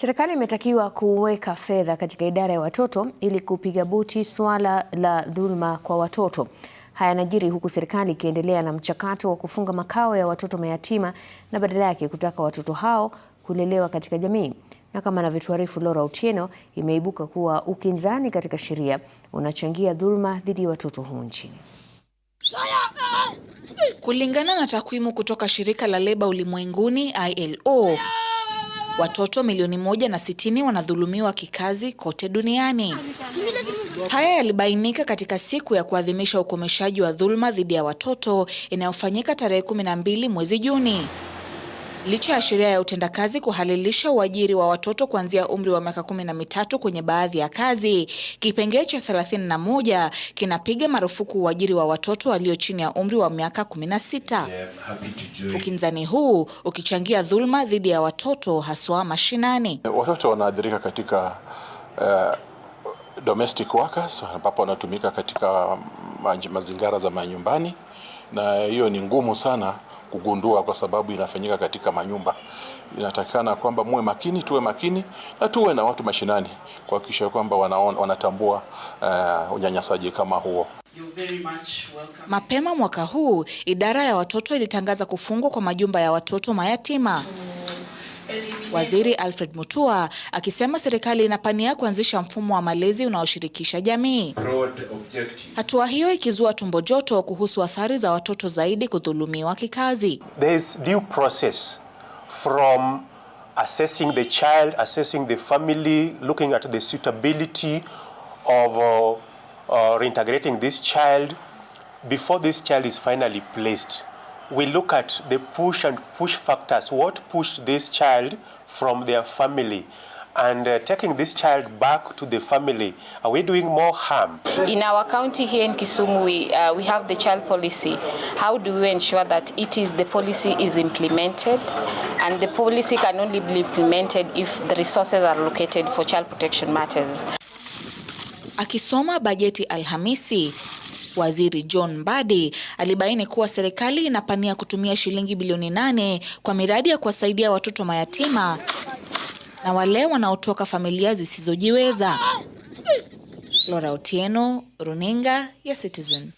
Serikali imetakiwa kuweka fedha katika idara ya watoto ili kupiga buti swala la dhuluma kwa watoto. Haya yanajiri huku serikali ikiendelea na mchakato wa kufunga makao ya watoto mayatima na badala yake kutaka watoto hao kulelewa katika jamii. Na kama anavyotuarifu Laura utieno imeibuka kuwa ukinzani katika sheria unachangia dhuluma dhidi ya watoto humu nchini. Kulingana na takwimu kutoka shirika la leba ulimwenguni ILO, Watoto milioni moja na sitini wanadhulumiwa kikazi kote duniani. Haya yalibainika katika siku ya kuadhimisha ukomeshaji wa dhuluma dhidi ya watoto inayofanyika tarehe 12 mwezi Juni. Licha ya sheria ya utendakazi kuhalalisha uajiri wa watoto kuanzia umri wa miaka kumi na mitatu kwenye baadhi ya kazi, kipengee cha thelathini na moja kinapiga marufuku uajiri wa watoto walio chini ya umri wa miaka kumi na sita. Ukinzani huu ukichangia dhuluma dhidi ya watoto haswa mashinani. Watoto wanaathirika katika uh, domestic workers ambapo wanatumika katika mazingara za manyumbani, na hiyo ni ngumu sana kugundua kwa sababu inafanyika katika manyumba. Inatakikana kwamba muwe makini, tuwe makini na tuwe na watu mashinani kuhakikisha kwamba wanaona, wanatambua uh, unyanyasaji kama huo. Mapema mwaka huu idara ya watoto ilitangaza kufungwa kwa majumba ya watoto mayatima. Waziri Alfred Mutua akisema serikali inapania kuanzisha mfumo wa malezi unaoshirikisha jamii. Hatua hiyo ikizua tumbo joto kuhusu athari za watoto zaidi kudhulumiwa kikazi. There is due process from assessing the child, assessing the family, looking at the suitability of uh, uh, reintegrating this child before this child is finally placed we look at the push and push factors. What pushed this child from their family? and uh, taking this child back to the family are we doing more harm in our county here in Kisumu we, uh, we have the child policy how do we ensure that it is the policy is implemented and the policy can only be implemented if the resources are located for child protection matters akisoma bajeti Alhamisi Waziri John Mbadi alibaini kuwa serikali inapania kutumia shilingi bilioni nane kwa miradi ya kuwasaidia watoto mayatima na wale wanaotoka familia zisizojiweza. Laura Otieno, Runinga ya Citizen.